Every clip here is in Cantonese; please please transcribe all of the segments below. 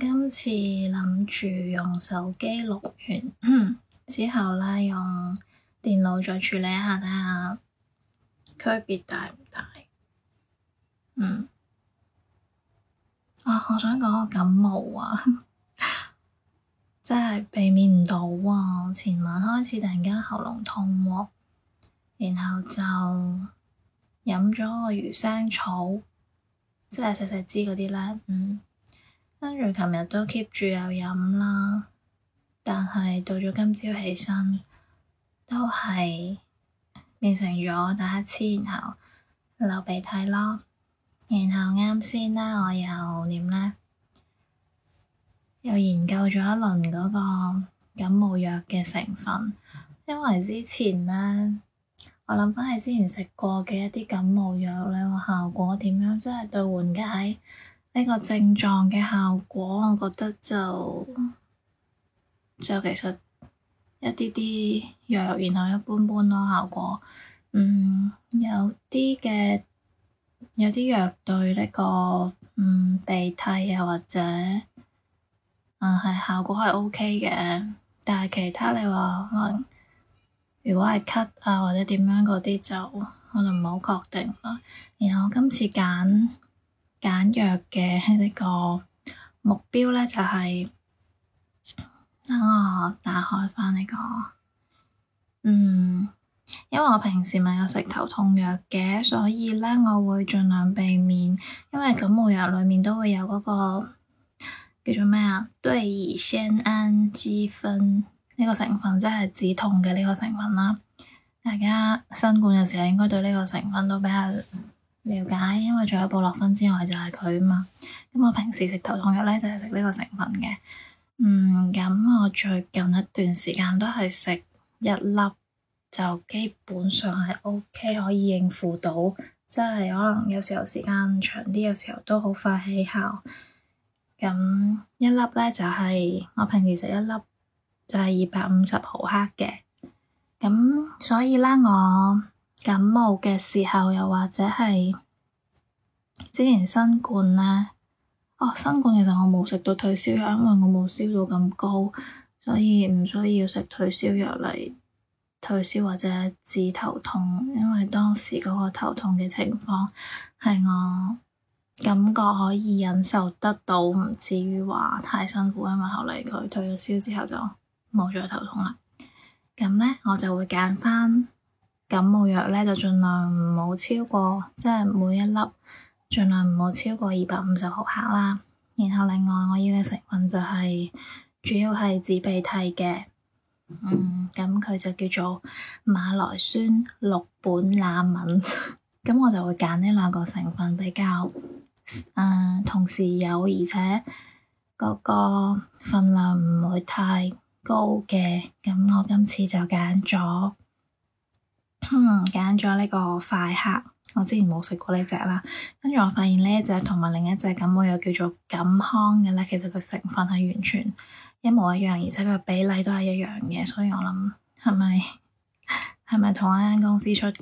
今次諗住用手機錄完、嗯、之後咧，用電腦再處理一下，睇下區別大唔大？嗯，啊，我想講個感冒啊，呵呵真係避免唔到喎！前晚開始突然間喉嚨痛、啊，喎，然後就飲咗個魚腥草，即係細細支嗰啲啦，嗯。跟住琴日都 keep 住有飲啦，但係到咗今朝起身都係變成咗打乞嗤，然後流鼻涕咯。然後啱先咧，我又點咧？又研究咗一輪嗰個感冒藥嘅成分，因為之前咧，我諗翻起之前食過嘅一啲感冒藥，呢個效果點樣？即係對緩解呢個症狀嘅效果，我覺得就就其實一啲啲藥，然後一般般咯效果。嗯，有啲嘅有啲藥對呢個嗯鼻涕啊或者嗯係效果係 OK 嘅，但係其他你話可能如果係咳啊或者點樣嗰啲就可能唔好確定啦。然後今次揀。簡約嘅呢個目標呢就係、是、等我打開翻、這、呢個嗯，因為我平時咪有食頭痛藥嘅，所以呢，我會盡量避免，因為感冒藥裏面都會有嗰、那個叫做咩啊對乙酰氨基酚呢個成分，即係止痛嘅呢個成分啦。大家新冠嘅時候，應該對呢個成分都比較了解，因為除咗布洛芬之外就係佢啊嘛。咁我平時食頭痛藥咧就係食呢個成分嘅。嗯，咁我最近一段時間都係食一粒，就基本上係 OK 可以應付到。即係可能有時候時間長啲，有時候都好快起效。咁一粒咧就係、係、我平時食一粒就係二百五十毫克嘅。咁所以啦，我。感冒嘅時候，又或者係之前新冠咧，哦，新冠其實我冇食到退燒藥，因為我冇燒到咁高，所以唔需要食退燒藥嚟退燒或者治頭痛，因為當時嗰個頭痛嘅情況係我感覺可以忍受得到，唔至於話太辛苦，因為後嚟佢退咗燒之後就冇再頭痛啦。咁咧，我就會揀翻。感冒藥咧就盡量唔好超過，即係每一粒盡量唔好超過二百五十毫克啦。然後另外我要嘅成分就係、是、主要係治鼻涕嘅，嗯，咁佢就叫做馬來酸氯苯 那敏。咁我就會揀呢兩個成分比較誒、呃、同時有而且嗰個分量唔會太高嘅。咁我今次就揀咗。嗯，揀咗呢個快克，我之前冇食過呢隻啦，跟住我發現呢隻同埋另一隻感冒藥叫做感康嘅咧，其實佢成分係完全一模一樣，而且佢嘅比例都係一樣嘅，所以我諗係咪係咪同一間公司出噶？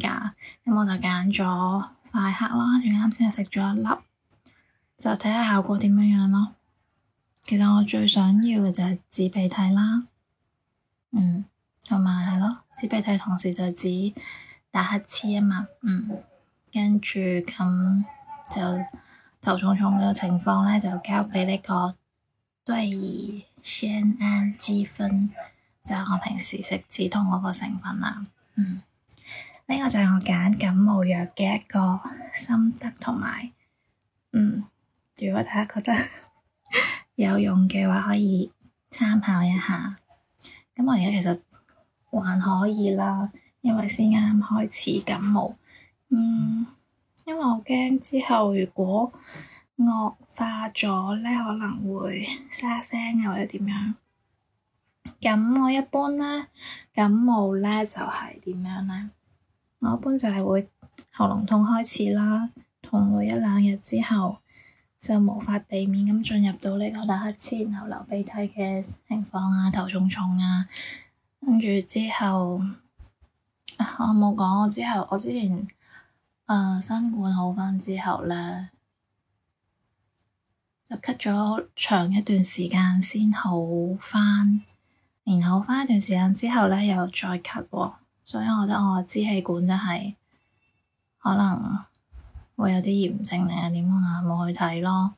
咁、嗯、我就揀咗快克啦，仲啱先食咗一粒，就睇下效果點樣樣咯。其實我最想要嘅就係治鼻涕啦，嗯。同埋係咯，指鼻涕同時就指打乞嗤啊嘛，嗯，跟住咁就頭重重嘅情況咧，就交俾呢個對乙酰氨基酚，就係我平時食止痛嗰個成分啦，嗯，呢個就係我揀感冒藥嘅一個心得同埋，嗯，如果大家覺得 有用嘅話，可以參考一下，咁、嗯、 我而家其實～還可以啦，因為先啱開始感冒，嗯，因為我驚之後如果惡化咗咧，可能會沙聲啊或者點樣。咁我一般咧感冒咧就係點樣咧？我一般就係會喉嚨痛開始啦，痛過一兩日之後就無法避免咁進入到呢個打乞嗤，然後流鼻涕嘅情況啊，頭重重啊。跟住之後，我冇講。我之後，我之前，啊、呃，新冠好翻之後咧，就咳咗好長一段時間先好翻，然後翻一段時間之後咧又再咳喎。所以我覺得我支氣管真係可能會有啲炎症定係點啊，冇去睇咯。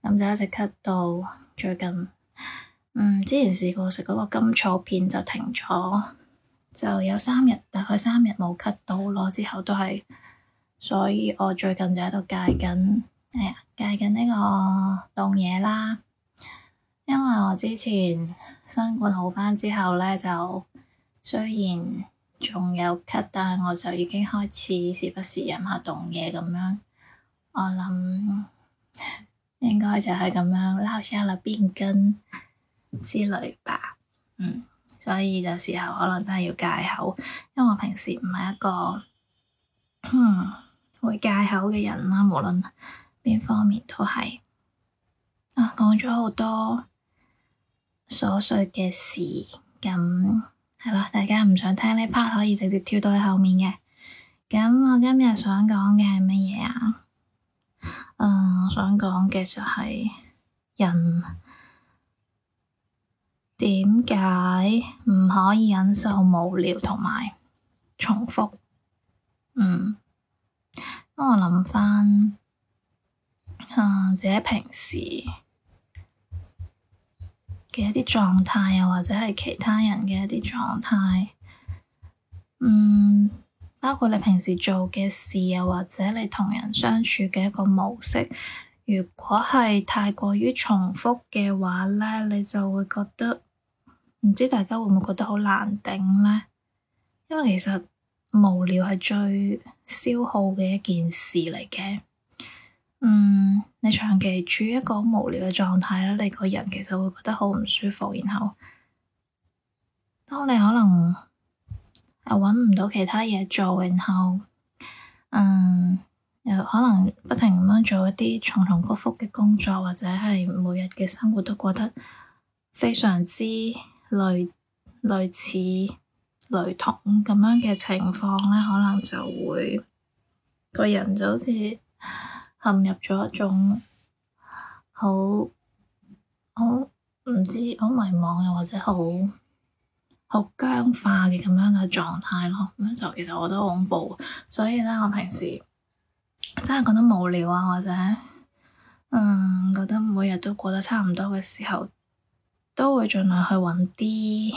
咁就一直咳到最近。嗯，之前試過食嗰個甘草片就停咗，就有三日，大概三日冇咳到咯。之後都係，所以我最近就喺度戒緊，哎呀，戒緊呢個凍嘢啦。因為我之前新冠好翻之後呢，就雖然仲有咳，但係我就已經開始時不時飲下凍嘢咁樣。我諗應該就係咁樣落下了病根。之類吧，嗯，所以有時候可能真係要戒口，因為我平時唔係一個，嗯，會戒口嘅人啦，無論邊方面都係，啊，講咗好多瑣碎嘅事，咁係啦，大家唔想聽呢 part 可以直接跳到去後面嘅，咁我今日想講嘅係乜嘢啊？我、嗯、想講嘅就係人。點解唔可以忍受無聊同埋重複？嗯，我諗翻，啊自己平時嘅一啲狀態，又或者係其他人嘅一啲狀態，嗯，包括你平時做嘅事，又或者你同人相處嘅一個模式，如果係太過於重複嘅話呢，你就會覺得。唔知大家會唔會覺得好難頂呢？因為其實無聊係最消耗嘅一件事嚟嘅。嗯，你長期處於一個無聊嘅狀態咧，你個人其實會覺得好唔舒服。然後，當你可能啊揾唔到其他嘢做，然後，嗯，又可能不停咁樣做一啲重重複複嘅工作，或者係每日嘅生活都過得非常之～類似類似、雷同咁樣嘅情況呢，可能就會個人就好似陷入咗一種好好唔知好迷茫又或者好好僵化嘅咁樣嘅狀態咯。咁就其實我覺得好恐怖，所以呢，我平時真係覺得無聊啊，或者嗯覺得每日都過得差唔多嘅時候，都會盡量去揾啲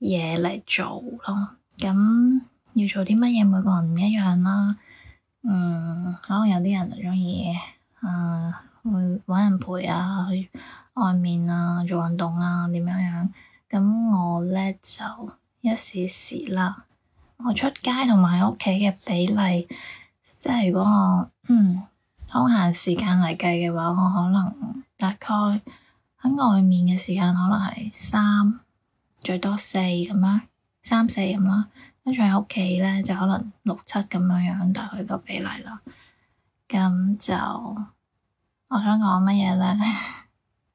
嘢嚟做咯。咁要做啲乜嘢，每個人唔一樣啦。嗯，可能有啲人就鍾意，誒、呃，去揾人陪啊，去外面啊做運動啊，點樣樣、啊。咁我咧就一時時啦。我出街同埋屋企嘅比例，即係如果我嗯空閒時間嚟計嘅話，我可能大概。喺外面嘅時間可能係三，最多四咁啦，三四咁啦，跟住喺屋企咧就可能六七咁樣樣，大概個比例咯。咁就我想講乜嘢咧，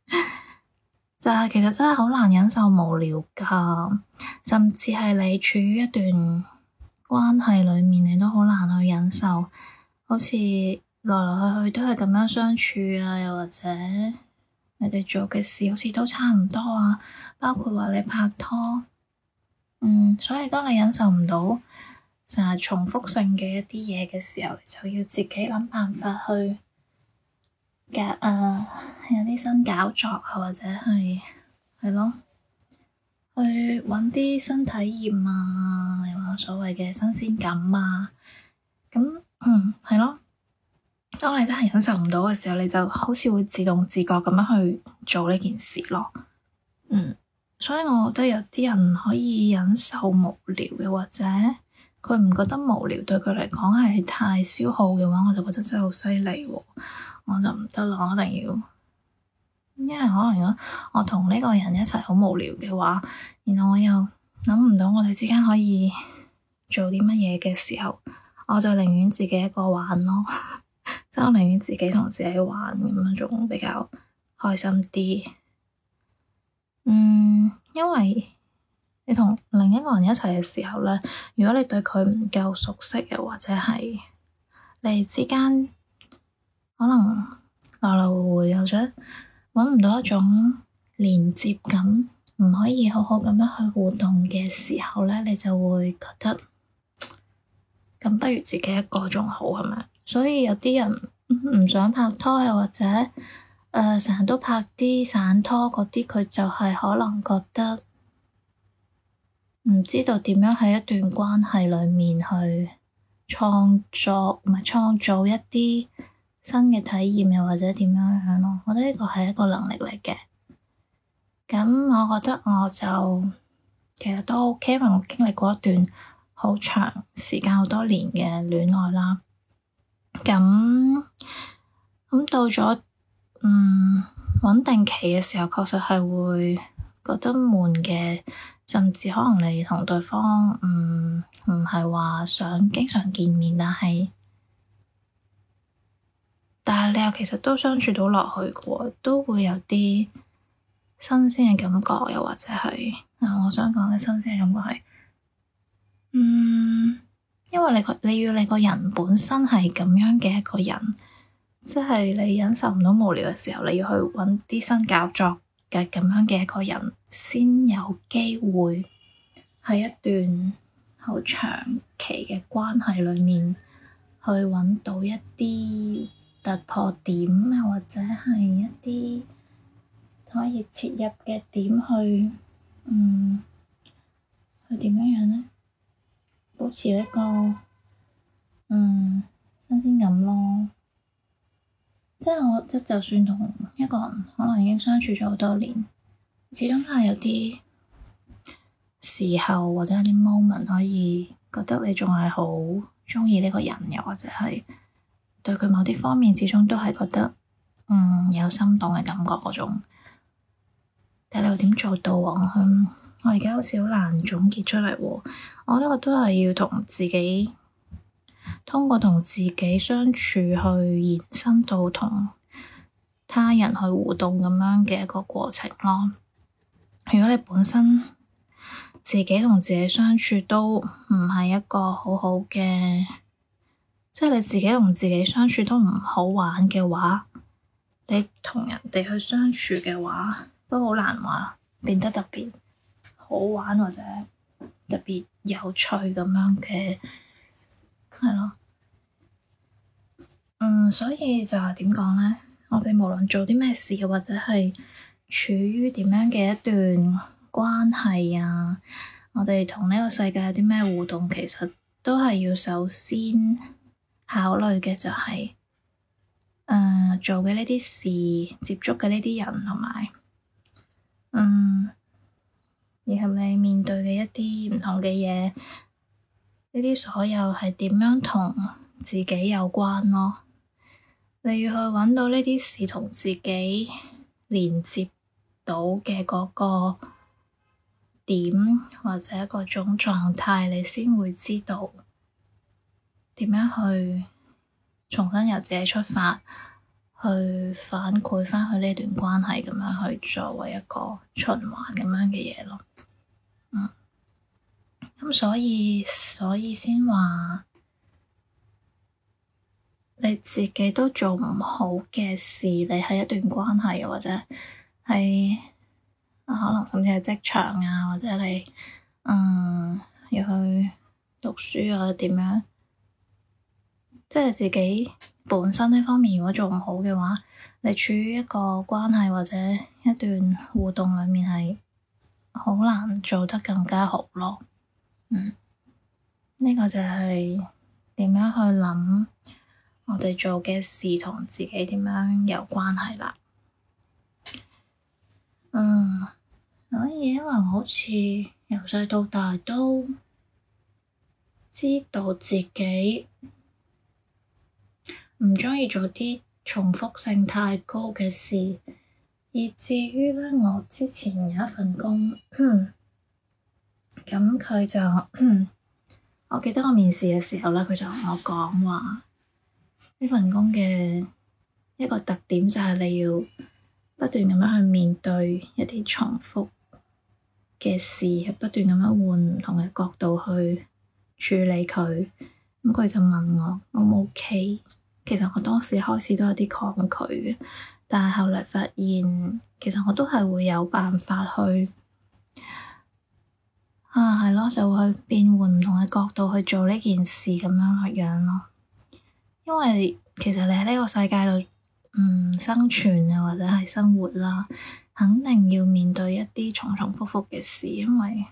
就係其實真係好難忍受無聊噶，甚至係你處於一段關係裏面，你都好難去忍受，好似來來去去都係咁樣相處啊，又或者。你哋做嘅事好似都差唔多啊，包括話你拍拖，嗯，所以當你忍受唔到成日重複性嘅一啲嘢嘅時候，就要自己諗辦法去夾誒，有啲新搞作啊，或者係係咯，去搵啲新體驗啊，有冇所謂嘅新鮮感啊？咁嗯係咯。當你真係忍受唔到嘅時候，你就好似會自動自覺咁樣去做呢件事咯。嗯，所以我覺得有啲人可以忍受無聊嘅，或者佢唔覺得無聊對佢嚟講係太消耗嘅話，我就覺得真係好犀利。我就唔得啦，我一定要，因為可能我我同呢個人一齊好無聊嘅話，然後我又諗唔到我哋之間可以做啲乜嘢嘅時候，我就寧願自己一個玩咯。我寧願自己同自己玩咁樣，仲比較開心啲。嗯，因為你同另一個人一齊嘅時候呢，如果你對佢唔夠熟悉，又或者係你哋之間可能來來回回又想搵唔到一種連接感，唔可以好好咁樣去互動嘅時候呢，你就會覺得咁不如自己一個仲好，係咪？所以有啲人唔想拍拖、啊，又或者成日、呃、都拍啲散拖嗰啲，佢就係可能覺得唔知道點樣喺一段關係裏面去創作，唔係創造一啲新嘅體驗、啊，又或者點樣樣、啊、咯？我覺得呢個係一個能力嚟嘅。咁我覺得我就其實都 OK，因為我經歷過一段好長時間好多年嘅戀愛啦。咁咁到咗嗯穩定期嘅時候，確實係會覺得悶嘅，甚至可能你同對方嗯唔係話想經常見面，但係但係你又其實都相處到落去嘅喎，都會有啲新鮮嘅感覺，又或者係啊、嗯，我想講嘅新鮮感覺係嗯。因為你，你要你個人本身係咁樣嘅一個人，即係你忍受唔到無聊嘅時候，你要去揾啲新搞作嘅咁樣嘅一個人，先有機會喺一段好長期嘅關係裏面去揾到一啲突破點，又或者係一啲可以切入嘅點去，嗯，去點樣樣呢？保持一個，嗯，新鮮感咯，即係我覺得，就算同一個人可能已經相處咗好多年，始終都係有啲時候或者有啲 moment 可以覺得你仲係好鍾意呢個人，又或者係對佢某啲方面始終都係覺得，嗯，有心動嘅感覺嗰種，但係你又點做到啊？嗯我而家好似好難總結出嚟，我覺得我都係要同自己通過同自己相處去延伸到同他人去互動，咁樣嘅一個過程咯。如果你本身自己同自己相處都唔係一個好好嘅，即係你自己同自己相處都唔好玩嘅話，你同人哋去相處嘅話都好難話變得特別。好玩或者特別有趣咁樣嘅，係咯。嗯，所以就係點講呢？我哋無論做啲咩事，或者係處於點樣嘅一段關係啊，我哋同呢個世界有啲咩互動，其實都係要首先考慮嘅，就係，就係誒做嘅呢啲事，接觸嘅呢啲人同埋，嗯。而係你面對嘅一啲唔同嘅嘢，呢啲所有係點樣同自己有關咯？你要去揾到呢啲事同自己連接到嘅嗰個點，或者嗰種狀態，你先會知道點樣去重新由自己出發。去反饋翻佢呢段關係，咁樣去作為一個循環咁樣嘅嘢咯，嗯，咁所以所以先話你自己都做唔好嘅事，你係一段關係或者係、啊、可能甚至係職場啊，或者你嗯要去讀書啊點樣？即係自己本身呢方面，如果做唔好嘅話，你處於一個關係或者一段互動裏面，係好難做得更加好咯。嗯，呢個就係點樣去諗我哋做嘅事同自己點樣有關係啦。嗯，所以，因為我好似由細到大都知道自己。唔鍾意做啲重複性太高嘅事，以至於咧，我之前有一份工，咁佢 就， 我記得我面試嘅時候咧，佢就同我講話，呢份工嘅一個特點就係你要不斷咁樣去面對一啲重複嘅事，不斷咁樣換唔同嘅角度去處理佢，咁佢就問我 O 唔 O K？其實我當時開始都有啲抗拒，但係後嚟發現，其實我都係會有辦法去啊，係咯，就會變換唔同嘅角度去做呢件事咁樣個樣咯。因為其實你喺呢個世界度，嗯，生存又、啊、或者係生活啦、啊，肯定要面對一啲重重複複嘅事，因為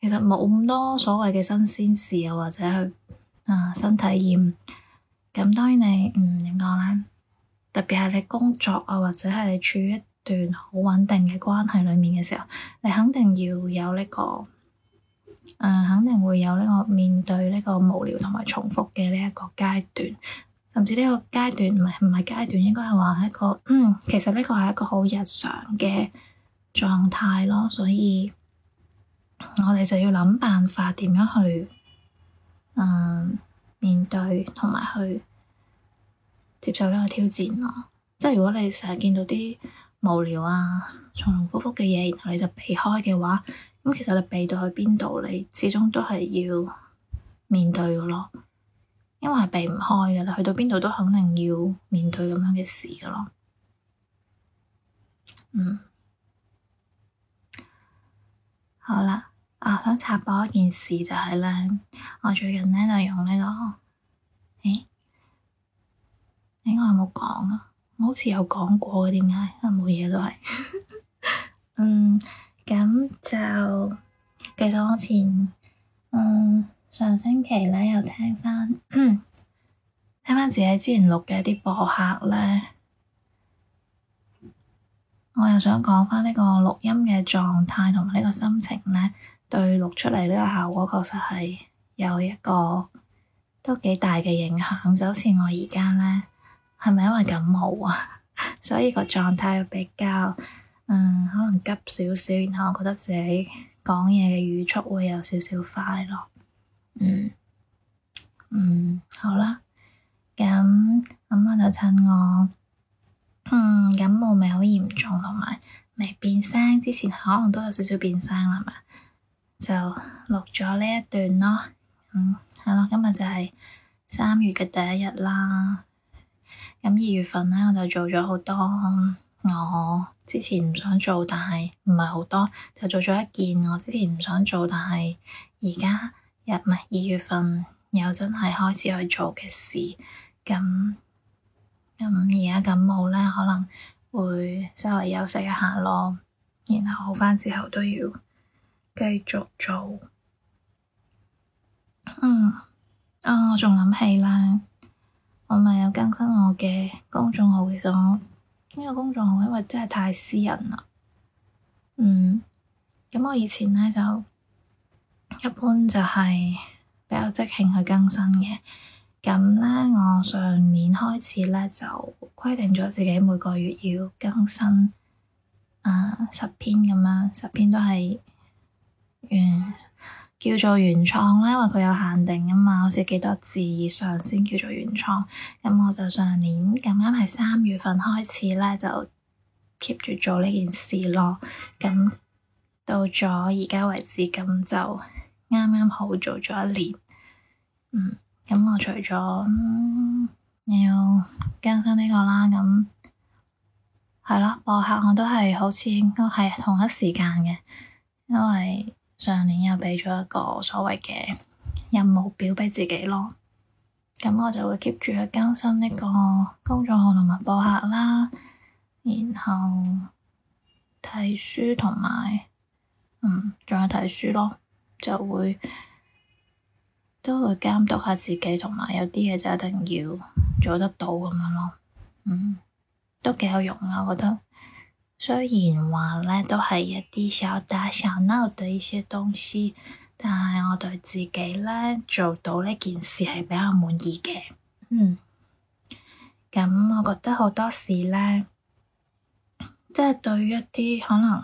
其實冇咁多所謂嘅新鮮事、啊，又或者去啊新體驗。咁當然你唔點講啦，特別係你工作啊，或者係你處於一段好穩定嘅關係裏面嘅時候，你肯定要有呢、這個，誒、呃、肯定會有呢個面對呢個無聊同埋重複嘅呢一個階段，甚至呢個階段唔係唔係階段，應該係話係一個，嗯，其實呢個係一個好日常嘅狀態咯，所以我哋就要諗辦法點樣去，誒、呃、面對同埋去。接受呢個挑戰咯，即係如果你成日見到啲無聊啊、重重複複嘅嘢，然後你就避開嘅話，咁其實你避到去邊度，你始終都係要面對嘅咯，因為係避唔開嘅，你去到邊度都肯定要面對咁樣嘅事嘅咯。嗯，好啦，我想插播一件事就係咧，我最近咧就是、用呢、呢個，誒、欸。點、欸、有冇講啊？我好似有講過嘅，點解啊？冇嘢都係 嗯，咁就。其實我前嗯上星期咧，又聽翻 聽翻自己之前錄嘅一啲播客咧，我又想講翻呢個錄音嘅狀態同埋呢個心情咧，對錄出嚟呢個效果確實係有一個都幾大嘅影響，就好似我而家咧。係咪因為感冒啊？ 所以個狀態比較，嗯，可能急少少，然後我覺得自己講嘢嘅語速會有少少快咯。嗯嗯，嗯，好啦，咁咁我就趁我，嗯，感冒未好嚴重，同埋未變聲之前，可能都有少少變聲啦，嘛，就錄咗呢一段咯。嗯，係咯，今日就係三月嘅第一日啦。咁二月份咧，我就做咗好多我之前唔想做，但係唔係好多，就做咗一件我之前唔想做，但係而家一唔係二月份又真係開始去做嘅事。咁咁而家感冒咧，可能會稍為休息一下咯，然後好返之後都要繼續做。嗯，啊，我仲諗起啦。我咪有更新我嘅公眾號，其實我呢個公眾號因為真係太私人啦，嗯，咁我以前呢，就一般就係比較即興去更新嘅，咁呢，我上年開始呢，就規定咗自己每個月要更新，誒、呃、十篇咁樣，十篇都係，嗯。叫做原創啦，因為佢有限定啊嘛，好似幾多字以上先叫做原創。咁我就上年咁啱係三月份開始咧，就 keep 住做呢件事咯。咁到咗而家為止，咁就啱啱好做咗一年。嗯，咁我除咗又、嗯、要更新呢個啦，咁係咯播客我都係好似應該係同一時間嘅，因為。上年又畀咗一個所謂嘅任務表畀自己咯，咁我就會 keep 住去更新呢個公眾號同埋博客啦，然後睇書同埋，嗯，仲有睇書咯，就會都會監督下自己，同埋有啲嘢就一定要做得到咁樣咯，嗯，都幾有用啊，我覺得。雖然話呢都係一啲小打小鬧的一些東西，但係我對自己呢做到呢件事係比較滿意嘅，嗯。咁我覺得好多事呢，即係對於一啲可能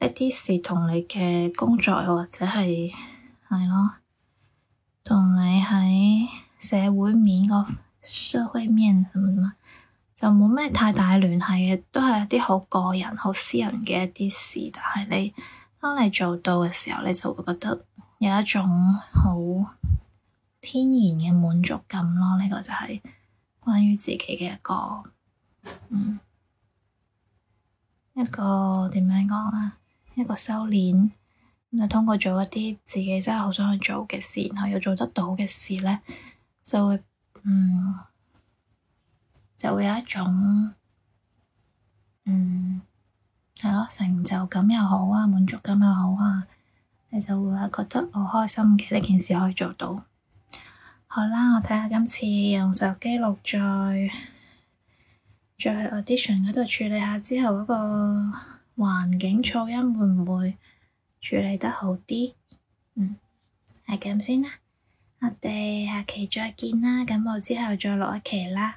一啲事同你嘅工作或者係係咯，同你喺社會面個社會面是就冇咩太大嘅聯繫嘅，都係一啲好個人、好私人嘅一啲事。但係你當你做到嘅時候，你就會覺得有一種好天然嘅滿足感咯。呢、這個就係關於自己嘅一個，嗯，一個點樣講啊？一個修斂煉咁，就通過做一啲自己真係好想去做嘅事，然後又做得到嘅事呢，就會嗯。就會有一種，嗯，係咯，成就感又好啊，滿足感又好啊，你就會覺得好開心嘅呢件事可以做到。好啦，我睇下今次用手機錄再再去 audition 嗰度處理下之後嗰個環境噪音會唔會處理得好啲？嗯，係咁先啦。我哋下期再見啦。咁我之後再錄一期啦。